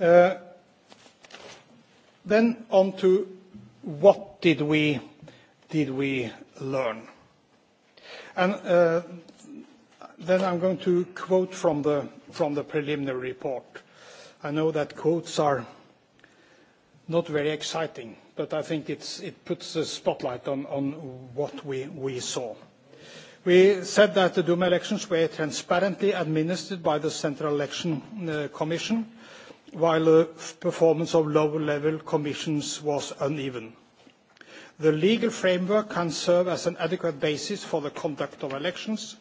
Uh, then on to what did we learn? Uh, I'm going to quote from the preliminary report. I know that quotes are not very exciting, but I think it puts a spotlight on what we we saw. We said that the Duma elections were transparently administered by the Central Election uh, Commission while the performance of lower-level commissions was uneven. The legal framework can serve as an adequate basis for the conduct of elections,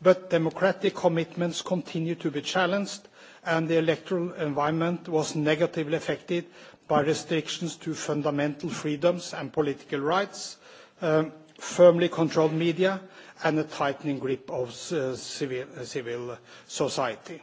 but democratic commitments continue to be challenged, and the electoral environment was negatively affected by restrictions to fundamental freedoms and political rights, um, firmly controlled media, and a tightening grip of uh, civil, uh, civil society.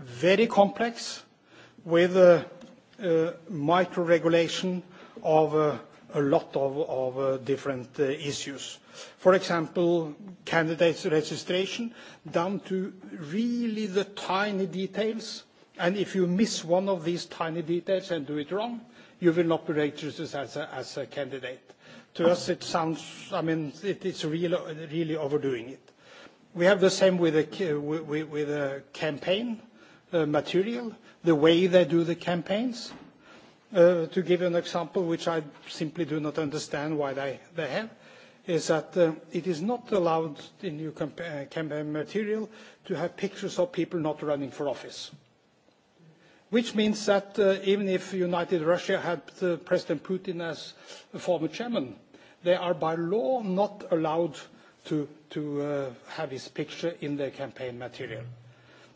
very complex with micro-regulation of a lot of, of uh, different uh, issues. For example, candidates registration, down to really the tiny details, and if you miss one of these tiny details and do it wrong, you will not be registered as a, as a candidate. To us, it sounds, I mean, it, it's really, really overdoing it. We have the same with a, with, with a campaign Uh, material, the way they do the campaigns. Uh, to give you an example, which I simply do not understand why they, they have, is that uh, it is not allowed in new uh, campaign material to have pictures of people not running for office. Which means that uh, even if United Russia had uh, President Putin as a former chairman, they are by law not allowed to, to uh, have his picture in their campaign material. Mm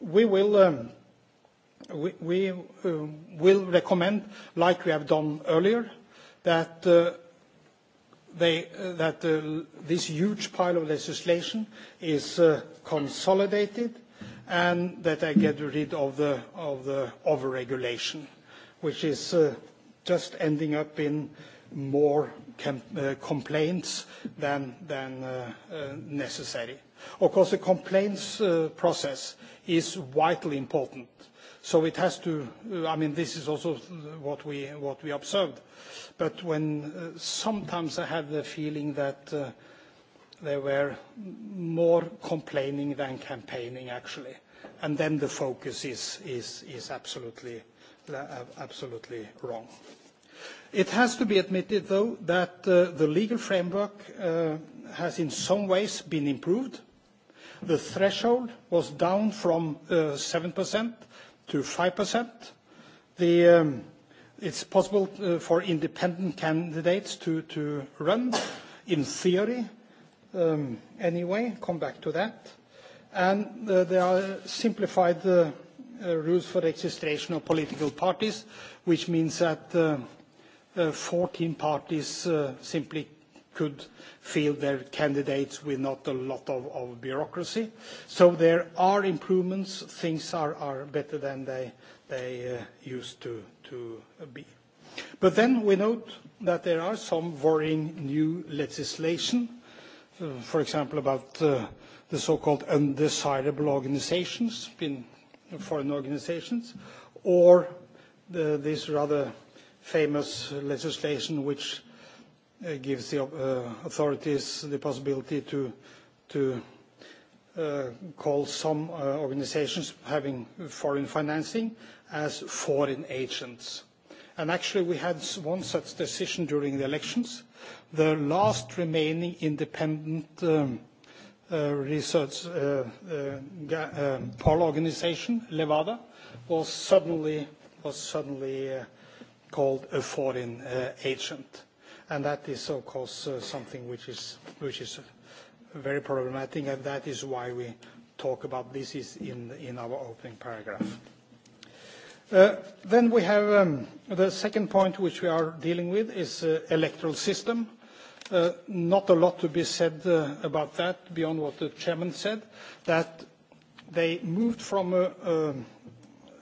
we will um, we, we um, will recommend, like we have done earlier, that uh, they uh, that uh, this huge pile of legislation is uh, consolidated and that they get rid of the of the overregulation, which is uh, just ending up in more uh, complaints than, than uh, uh, necessary. Of course, the complaints process is vitally important. So it has to, I mean, this is also what we, what we observed. But when sometimes I have the feeling that there were more complaining than campaigning, actually. And then the focus is, is, is absolutely wrong. It has to be admitted, though, that uh, the legal framework uh, has in some ways been improved. The threshold was down from uh, 7% to 5%. The, um, it's possible uh, for independent candidates to, to run, in theory, um, anyway. Come back to that. And uh, there are simplified uh, uh, rules for registration of political parties, which means that uh, 14 uh, parties uh, simply could field their candidates with not a lot of, of bureaucracy. So there are improvements. Things are, are better than they, they uh, used to, to be. But then we note that there are some worrying new legislation, uh, for example, about uh, the so-called undesirable organizations, foreign organizations, or the, this rather famous legislation which uh, gives the uh, authorities the possibility to, to uh, call some uh, organizations having foreign financing as foreign agents. And actually we had one such decision during the elections. The last remaining independent um, uh, research uh, uh, uh, poll organization, Levada, was suddenly, was suddenly uh, called a foreign uh, agent. And that is, of course, uh, something which is, which is very problematic, and that is why we talk about this is in, in our opening paragraph. Uh, then we have um, the second point which we are dealing with is uh, electoral system. Uh, not a lot to be said uh, about that beyond what the chairman said, that they moved from a,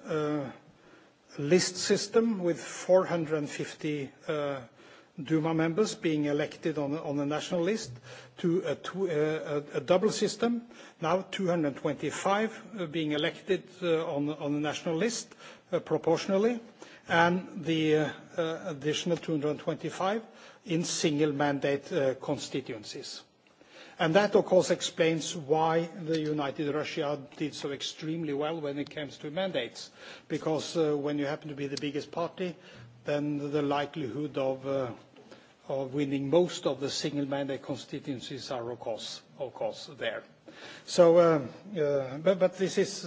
a list system with 450 uh, Duma members being elected on, the national list to a, uh, double system, now 225 uh, being elected on, the national list proportionally, and the additional 225 in single mandate constituencies. And That, of course, explains why the United Russia did so extremely well when it comes to mandates. Because uh, when you happen to be the biggest party, then the likelihood uh, of, winning most of the single mandate constituencies are, of course, of course there. So, uh, but, This is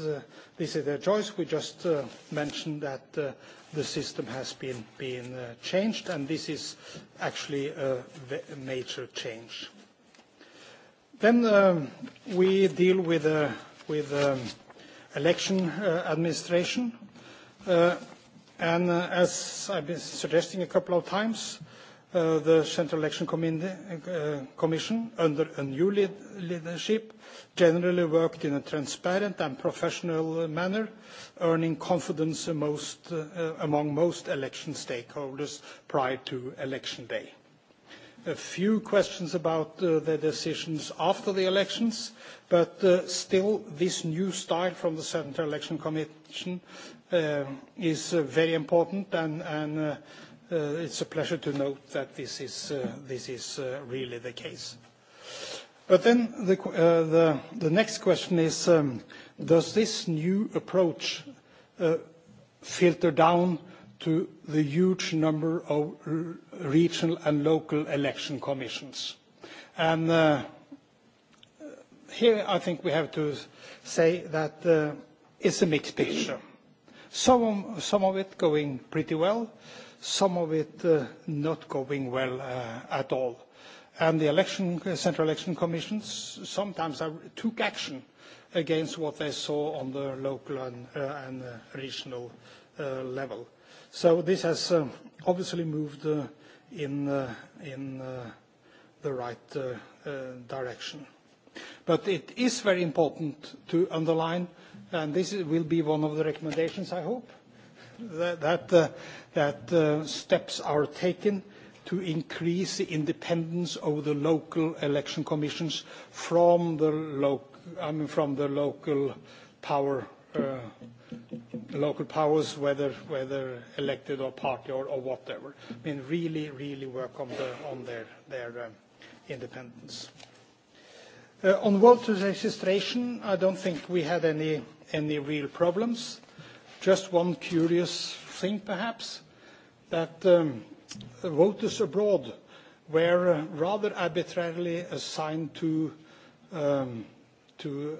this is their choice. We just mentioned that the system has been, been changed, and this is actually a major change. Then um, we deal with, uh, with um, election uh, administration. Uh, and uh, as I've been suggesting a couple of times, uh, the Central Election uh, Commission, under a new lead leadership, generally worked in a transparent and professional manner, earning confidence most, uh, among most election stakeholders prior to election day a few questions about uh, the decisions after the elections, but uh, still this new style from the Central Election Commission uh, is uh, very important and, and uh, uh, it's a pleasure to note that this is, this is really the case. But then the, the, the next question is, um, does this new approach filter down to the huge number of regional and local election commissions. And uh, here I think we have to say that uh, it's a mixed picture. Some of, some of it going pretty well, some of it uh, not going well uh, at all. And the election, Central Election Commissions sometimes took action against what they saw on the local and, uh, and uh, regional uh, level. So this has um, obviously moved uh, in, uh, in uh, the right uh, uh, direction. But it is very important to underline, and this will be one of the recommendations, I hope, that, that, uh, that uh, steps are taken to increase the independence of the local election commissions from the local mean from the local power, uh, local powers, whether whether elected or party or, or whatever. I mean, really, really work on the on their their um, independence. Uh, on voter registration, I don't think we had any any real problems. Just one curious thing, perhaps, that um, voters abroad were uh, rather arbitrarily assigned to um, to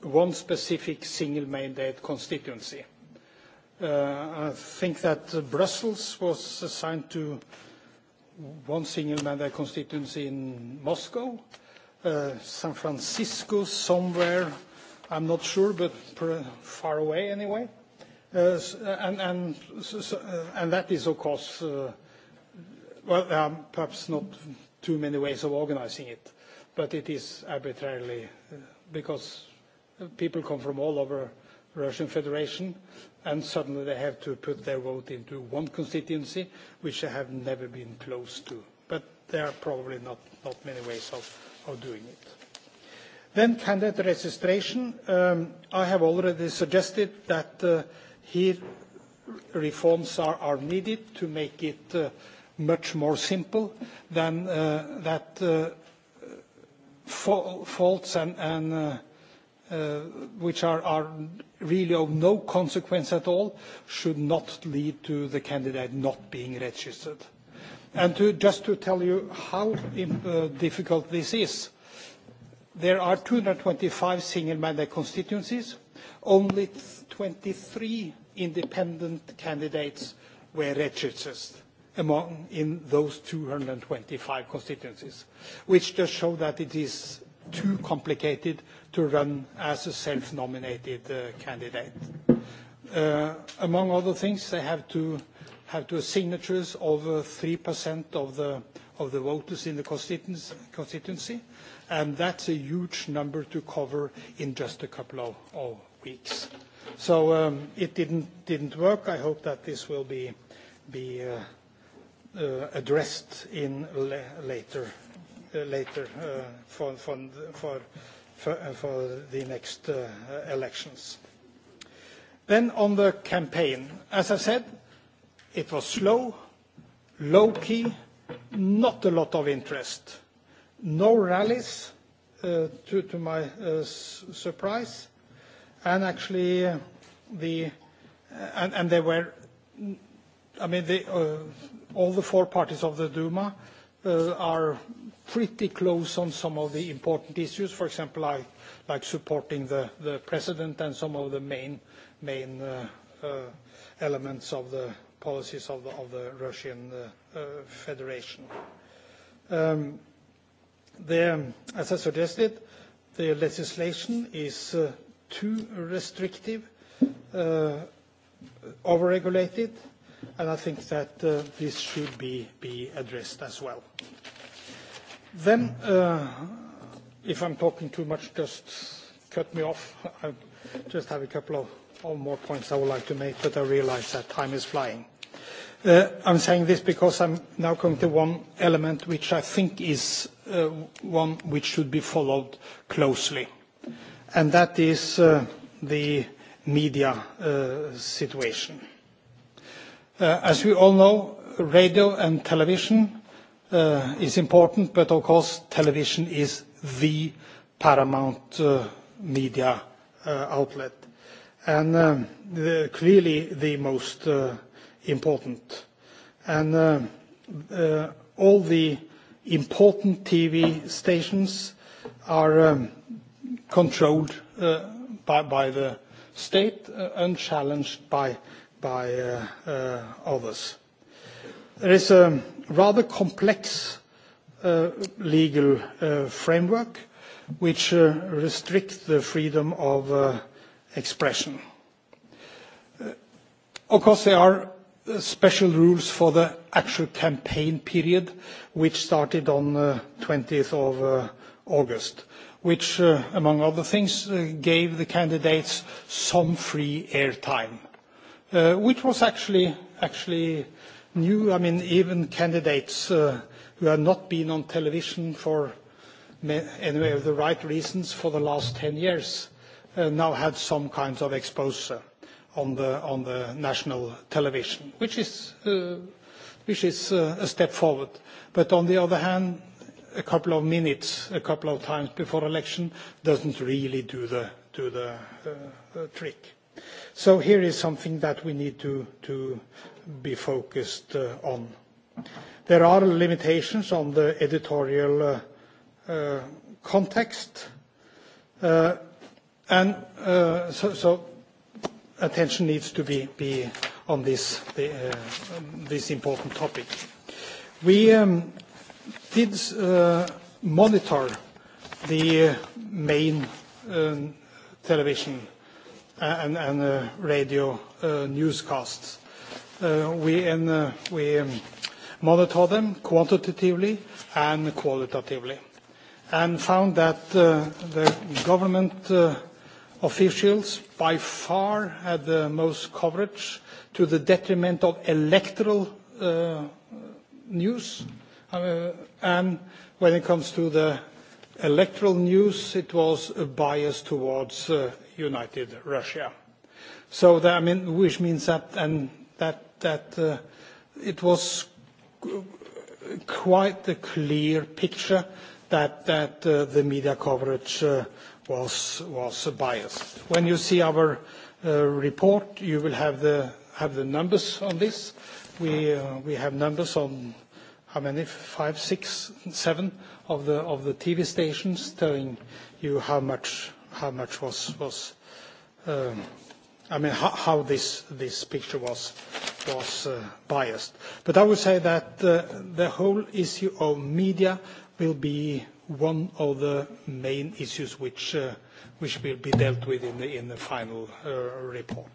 one specific single mandate constituency. Uh, I think that Brussels was assigned to one single mandate constituency in Moscow, uh, San Francisco, somewhere, I'm not sure, but far away anyway. Uh, and, that is, of course, well, um, perhaps not too many ways of organizing it but it is arbitrarily because people come from all over Russian Federation and suddenly they have to put their vote into one constituency which they have never been close to. But there are probably not, not many ways of, of doing it. Then candidate registration. Um, I have already suggested that uh, here reforms are, are needed to make it uh, much more simple than uh, that uh, faults and, and uh, uh, which are, are really of no consequence at all should not lead to the candidate not being registered. And to, just to tell you how uh, difficult this is, there are 225 single mandate constituencies. Only 23 independent candidates were registered among in those 225 constituencies, which just show that it is too complicated to run as a self-nominated uh, candidate. Uh, among other things, they have to have to signatures over uh, 3% of the of the voters in the constituency, and that's a huge number to cover in just a couple of, weeks. So um, it didn't didn't work. I hope that this will be be uh, Uh, addressed in later uh, later uh, for, for, for, uh, for the next uh, elections. Then on the campaign, as I said, it was slow, low-key, not a lot of interest. No rallies, uh, to, my uh, surprise, and actually the and, and there were, I mean, uh, all the four parties of the Duma uh, are pretty close on some of the important issues. For example, like, like supporting the, the president and some of the main, main uh, uh, elements of the policies of the, of the Russian uh, uh, Federation. Um, the, as I suggested, the legislation is uh, too restrictive, overregulated. regulated and I think that uh, this should be, be addressed as well. Then, uh, if I'm talking too much, just cut me off. I just have a couple of, of more points I would like to make, but I realize that time is flying. Uh, I'm saying this because I'm now coming to one element which I think is uh, one which should be followed closely, and that is uh, the media uh, situation Uh, as we all know, radio and television uh, is important, but of course television is the paramount uh, media outlet and clearly the most important. And all the important TV stations are um, controlled by, the state, and challenged by by uh, uh, others. There is a rather complex uh, legal uh, framework which uh, restricts the freedom of uh, expression. Of course, there are special rules for the actual campaign period, which started on the 20th of August which, uh, among other things, uh, gave the candidates some free airtime. Uh, which was actually actually new. I mean, even candidates uh, who have not been on television for any of the right reasons for the last 10 years uh, now had some kind of exposure on the on the national television, which is uh, which is uh, a step forward. But on the other hand, a couple of minutes, a couple of times before election, doesn't really do the do the uh, trick. So Here is something that we need to, be focused uh, on. There are limitations on the editorial uh, uh, context, and so, attention needs to be, on this, important topic. We um, did monitor the main um, television and, and uh, radio uh, newscasts. Uh, we, um, monitor them quantitatively and qualitatively and found that the government officials by far had the most coverage to the detriment of electoral news and when it comes to the electoral news, it was a bias towards uh, United Russia. So that, I mean, which means that, and that, that uh, it was quite a clear picture that, that uh, the media coverage uh, was, was biased. When you see our uh, report, you will have the, have the numbers on this. We, uh, we have numbers on how many? Five, six, seven of the of the TV stations telling you how much how much was was um, I mean how, how this this picture was was uh, biased. But I would say that uh, the whole issue of media will be one of the main issues which uh, which will be dealt with in the in the final uh, report.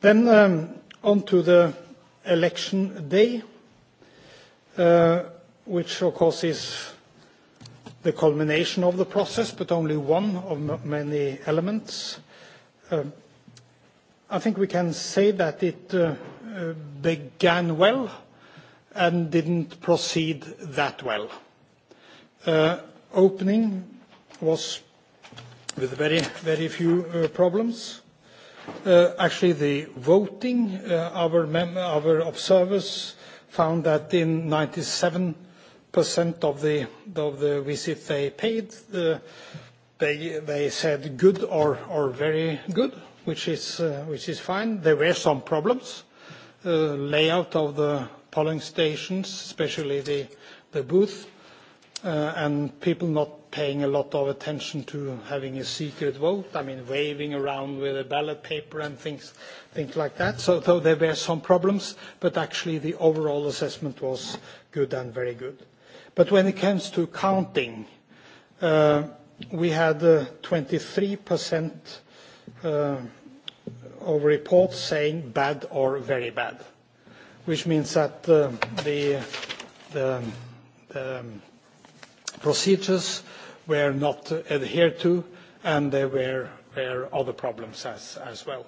Then um, on to the election day. Uh, which of course is the culmination of the process, but only one of many elements. Uh, I think we can say that it uh, uh, began well and didn't proceed that well. Uh, opening was with very, very few uh, problems. Uh, actually, the voting, uh, our, our observers found that in 97 percent of the of the visit they paid, uh, they they said good or or very good, which is uh, which is fine. There were some problems. Uh, layout of the polling stations, especially the the booth, and people not paying a lot of attention to having a secret vote. I mean, waving around with a ballot paper and things things like that. so there were some problems, but actually the overall assessment was good and very good. But when it comes to accounting, uh, we had 23% uh, uh, of reports saying bad or very bad, which means that the, the, the procedures were not adhered to, and there were, were other problems as, as well.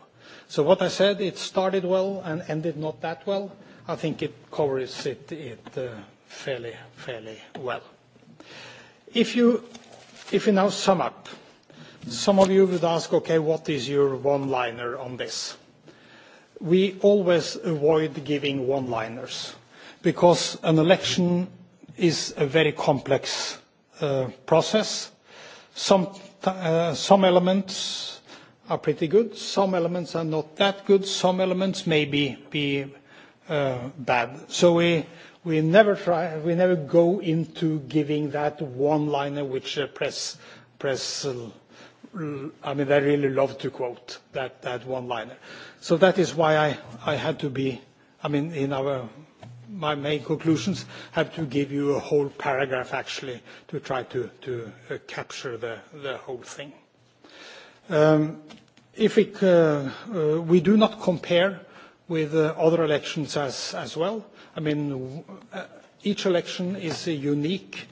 So what I said, it started well and ended not that well. I think it covers it, it uh, fairly, fairly well. If you, if you now sum up, some of you would ask, okay, what is your one-liner on this? We always avoid giving one-liners because an election is a very complex uh, process. Some, uh, some elements are pretty good, some elements are not that good, some elements may be, be uh, bad. So we We never try, we never go into giving that one-liner which uh, press, press uh, I mean, they really love to quote that, that one-liner. So that is why I, I had to be, I mean, in our, my main conclusions, have to give you a whole paragraph actually to try to, to uh, capture the, the whole thing. Um, if it, uh, uh, we do not compare with uh, other elections as, as well. I mean, uh, each election is a unique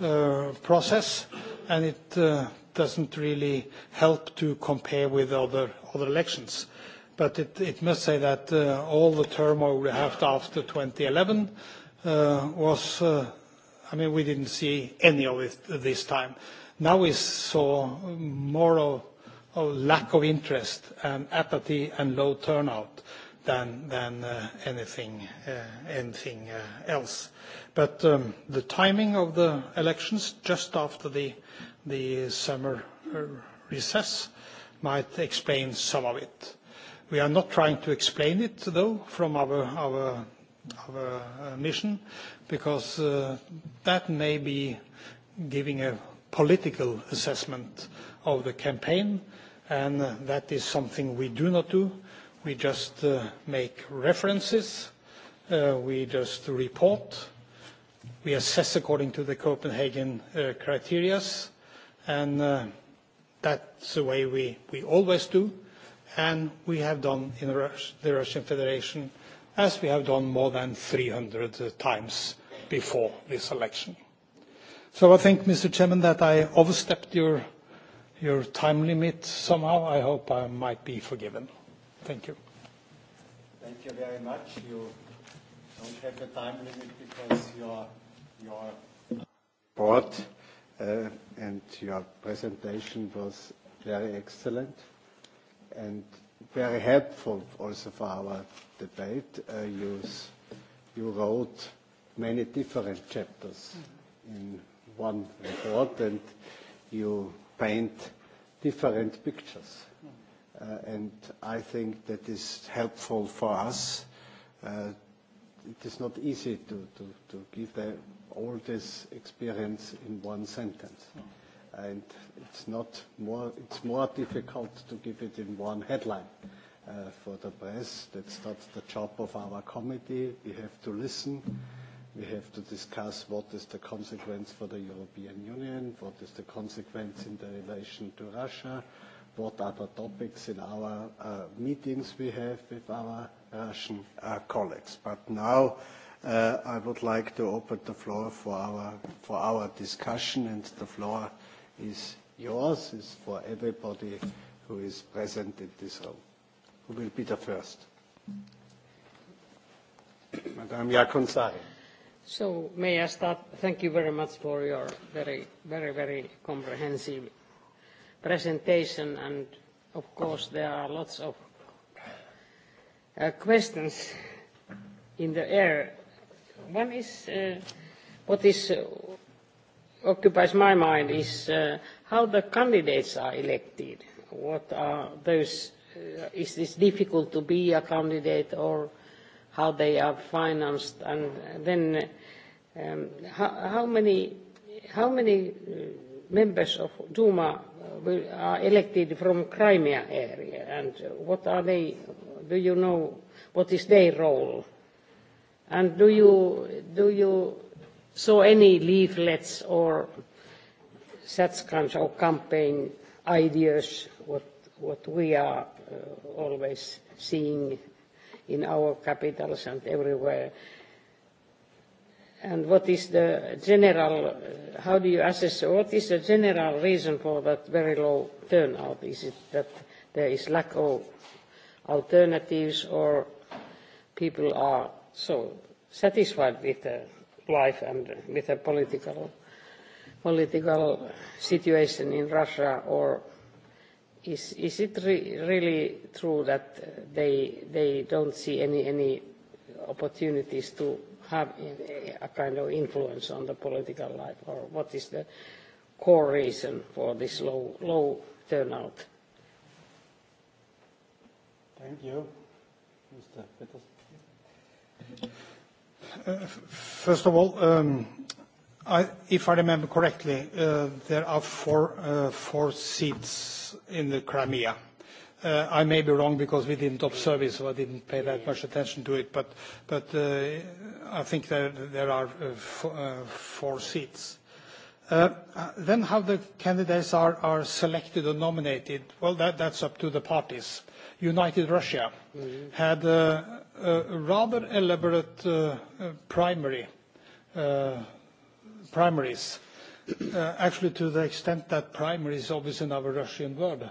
uh, process, and it uh, doesn't really help to compare with other, other elections. But it, it must say that uh, all the turmoil we had after 2011 uh, was, uh, I mean, we didn't see any of it this time. Now we saw more of, of lack of interest and apathy and low turnout than, than uh, anything, uh, uh, else. But um, the timing of the elections just after the, summer recess might explain some of it. We are not trying to explain it, though, from our, our, mission, because that may be giving a political assessment of the campaign, and that is something we do not do We just uh, make references. Uh, we just report. We assess according to the Copenhagen uh, criteria. And uh, that's the way we, we always do. And we have done in Rus the Russian Federation as we have done more than 300 uh, times before this election. So I think, Mr. Chairman, that I overstepped your, your time limit somehow. I hope I might be forgiven. Thank you. Thank you very much. You don't have a time limit because your, your report uh, and your presentation was very excellent and very helpful also for our debate. Uh, you, you wrote many different chapters in one report and you paint different pictures. Mm. Uh, and I think that is helpful for us. Uh, it is not easy to, to, to give the, all this experience in one sentence. Hmm. And it's not more, it's more difficult to give it in one headline uh, for the press. That's not the job of our committee. We have to listen. We have to discuss what is the consequence for the European Union, what is the consequence in the relation to Russia, what other topics in our uh, meetings we have with our Russian uh, uh, colleagues. But now uh, I would like to open the floor for our, for our discussion, and the floor is yours, is for everybody who is present in this room. Who will be the first? Madame Yakonsari. So may I start? Thank you very much for your very, very, very comprehensive presentation, and of course there are lots of uh, questions in the air. One is, uh, what is uh, occupies my mind is uh, how the candidates are elected. What are those? Uh, is this difficult to be a candidate, or how they are financed? And then, um, how, how many how many uh, members of Duma Uh, will, are elected from Crimea area, and what are they? Do you know what is their role? And do you do you saw any leaflets or such kinds of campaign ideas? What what we are uh, always seeing in our capitals and everywhere and what is the general, uh, how do you assess, what is the general reason for that very low turnout? Is it that there is lack of alternatives or people are so satisfied with the life and with the political, political situation in Russia or is, is it re really true that they, they don't see any, any opportunities to have in a kind of influence on the political life, or what is the core reason for this low, low turnout? Thank you. Mr. Petersen. Uh, first of all, um, I, if I remember correctly, uh, there are four, uh, four seats in the Crimea. Uh, I may be wrong because we didn't observe it, so I didn't pay that much attention to it. But, but uh, I think there, there are uh, uh four seats. Uh, then how the candidates are, are selected or nominated, well, that, that's up to the parties. United Russia mm -hmm. had a, a rather elaborate primary, primaries, actually to the extent that primaries is in our Russian word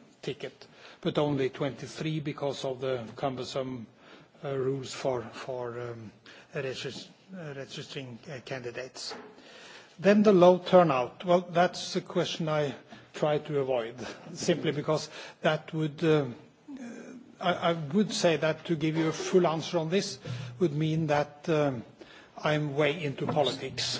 ticket, but only 23 because of the cumbersome uh, rules for, for um, registering uh, candidates. Then the low turnout. Well, that's a question I try to avoid, simply because that would, uh, I, I would say that to give you a full answer on this would mean that um, I'm way into politics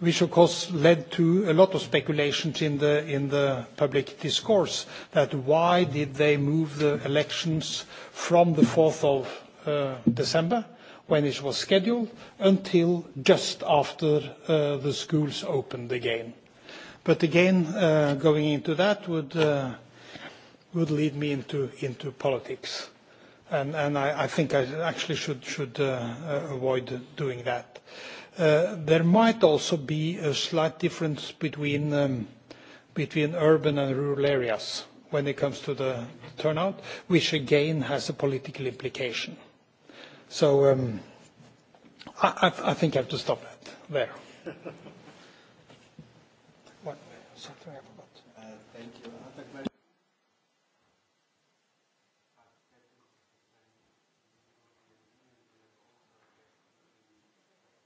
which of course led to a lot of speculation in the, in the public discourse that why did they move the elections from the 4th of uh, December when it was scheduled until just after uh, the schools opened again. But again, uh, going into that would, uh, would lead me into, into politics. And, and I, I think I actually should, should uh, uh avoid doing that. Uh, Uh, there might also be a slight difference um, between, urban and rural areas when it comes to the turnout, which again has a political implication. So um, I, I, I think I have to stop that there. What, something happened.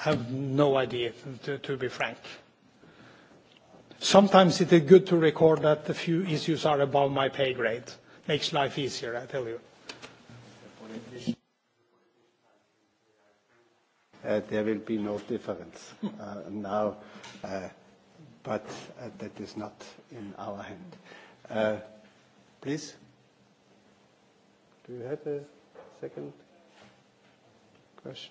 have no idea, to, to be frank. Sometimes it is good to record that a few issues are above my pay grade. Makes life easier, I tell you. Uh, there will be no difference uh, now, uh, but uh, that is not in our hand. Uh, please. Do you have a second question?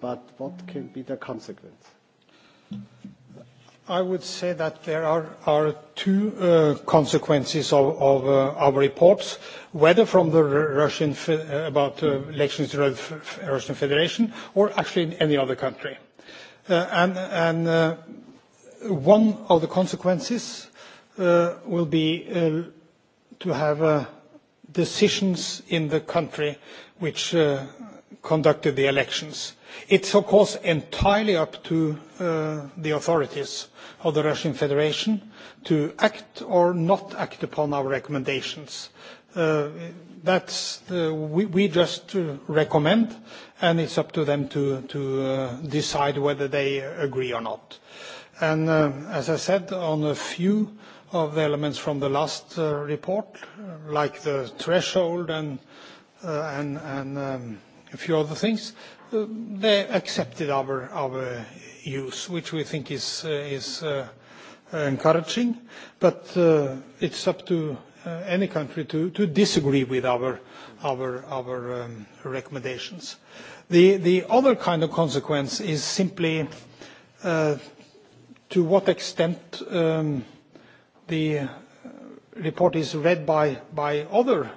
but what can be the consequence? I would say that there are, two uh, consequences of, uh, our reports, whether from the Russian fe uh, about elections in the Russian Federation or actually in any other country. and one of the consequences will be to have decisions in the country which conducted the elections. It's of course entirely up to uh, the authorities of the Russian Federation to act or not act upon our recommendations. Uh, that's, we, we just recommend, and it's up to them to, to uh, decide whether they agree or not. And uh, as I said, on a few of the elements from the last uh, report, like the threshold and, and, and um, a few other things. Uh, they accepted our, our use, which we think is, uh, is uh, encouraging, but it's up to any country to, to disagree with our, our, our um, recommendations. The, other kind of consequence is simply to what extent um, the report is read by, by other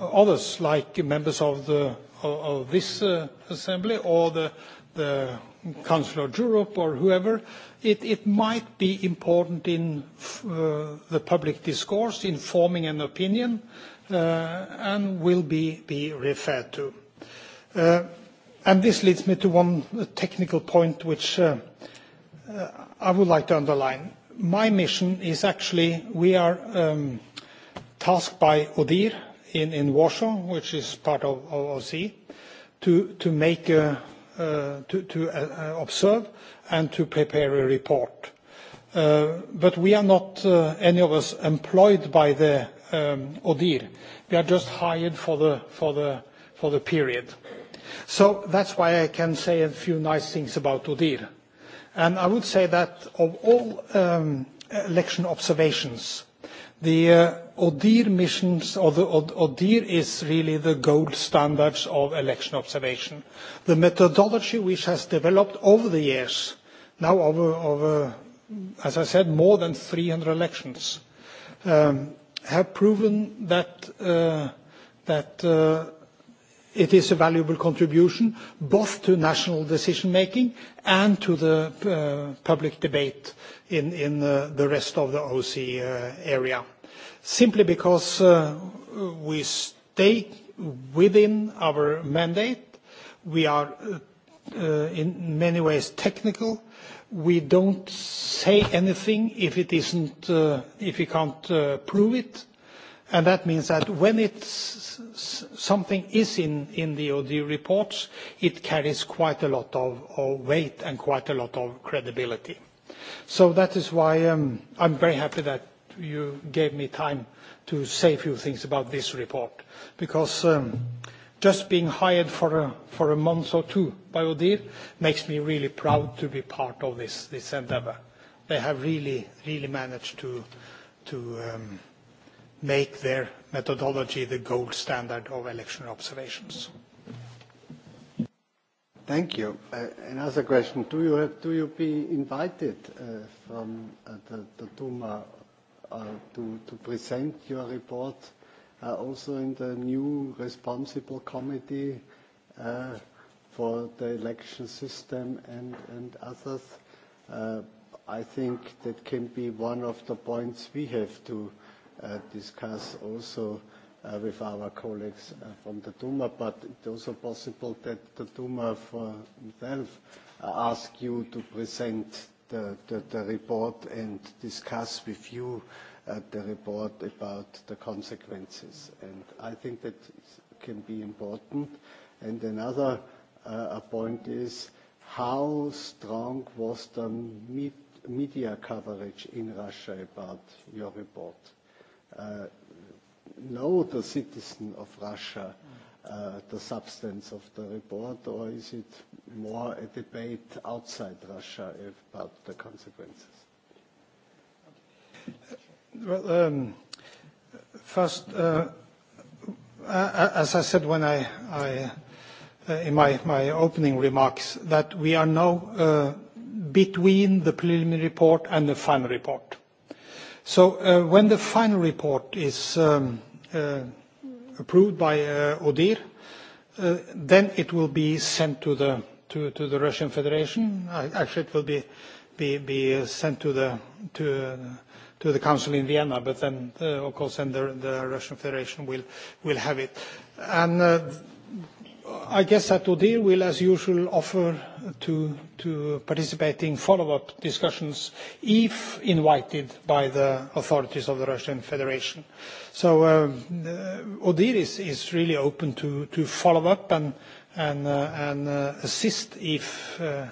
Uh, others, like members of, the, of this uh, assembly or the, the Council of Europe or whoever, it, it might be important in uh, the public discourse, in forming an opinion, uh, and will be, be referred to. Uh, and this leads me to one technical point which uh, uh, I would like to underline. My mission is actually, we are um, tasked by Odir in, in Warsaw, which is part of OOC, to, to, make a, uh, to, to uh, uh, observe and to prepare a report. Uh, but we are not, uh, any of us, employed by the um, ODIHR. We are just hired for the, for the, for the period. So that's why I can say a few nice things about ODIHR. And I would say that of all um, election observations, The uh, ODIHR missions, or the ODIHR is really the gold standards of election observation. The methodology which has developed over the years, now over, over as I said, more than 300 elections, um, have proven that, uh, that uh, it is a valuable contribution both to national decision-making and to the uh, public debate in, in uh, the rest of the OSCE uh, area simply because uh, we stay within our mandate. We are uh, uh, in many ways technical. We don't say anything if it isn't, if we can't prove it. And that means that when it's, something is in, the OD reports, it carries quite a lot of, weight and quite a lot of credibility. So that is why I um, I'm very happy that you gave me time to say a few things about this report because um, just being hired for a, for a month or two by Odir makes me really proud to be part of this, this endeavor. They have really, really managed to, to um, make their methodology the gold standard of election observations. Thank you. Uh, another question. Do you, have, do you be invited uh, from uh, the, the Duma Uh, to, to present your report uh, also in the new responsible committee uh, for the election system and, and others. Uh, I think that can be one of the points we have to uh, discuss also uh, with our colleagues uh, from the Duma, but it's also possible that the Duma for himself uh, ask you to present the, report and discuss with you uh, the report about the consequences. And I think that can be important. And another uh, point is how strong was the media coverage in Russia about your report? Uh, know the citizen of Russia uh, the substance of the report, or is it more a debate outside Russia about the consequences? Uh, well, um, first, uh, as I said when I, I uh, in my, my opening remarks, that we are now uh, between the preliminary report and the final report. So uh, when the final report is um, uh, approved by uh, ODIHR, uh, then it will be sent to the, to, to the Russian Federation. Actually, it will be, be, uh, sent to the, to, to the Council in Vienna, but then, of course, then the, the Russian Federation will, will have it. And i guess that Odile will, as usual, offer to, to participate in follow-up discussions if invited by the authorities of the Russian Federation. So um, uh, Odile is, is really open to, to follow up and, and, uh, and uh, assist if, uh,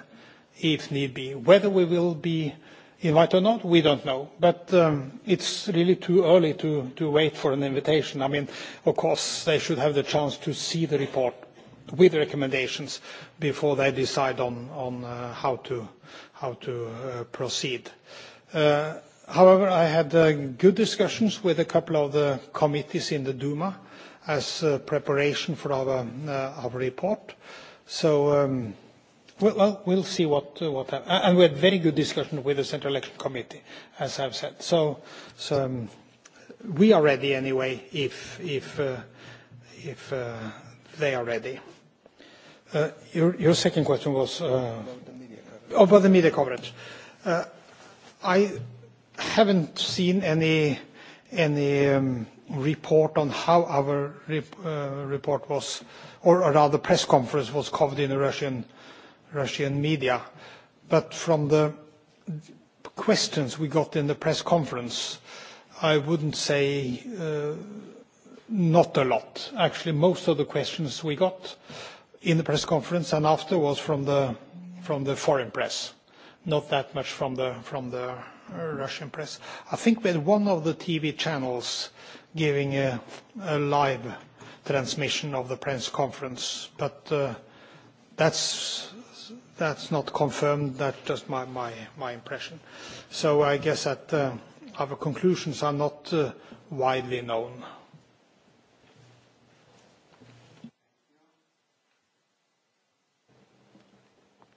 if need be. Whether we will be invited or not, we don't know. But um, it's really too early to, to wait for an invitation. I mean, of course, they should have the chance to see the report with recommendations before they decide on, on uh, how to, how to uh, proceed. Uh, however, I had uh, good discussions with a couple of the committees in the Duma as preparation for our, our report. So um, Well, we'll see what what happens. And we had very good discussion with the Central Election Committee, as I've said. So, so um, we are ready anyway if if if they are ready. Uh, your, your second question was uh, about the media coverage. Uh, I haven't seen any any um, report on how our rep, uh, report was, or rather press conference was covered in the Russian Russian media. But from the questions we got in the press conference, I wouldn't say uh, not a lot. Actually, most of the questions we got in the press conference and after was from the from the foreign press, not that much from the from the uh, Russian press. I think we had one of the TV channels giving a, a live transmission of the press conference, but uh, that's that's not confirmed. That's just my my my impression. So I guess that uh, our conclusions are not uh, widely known.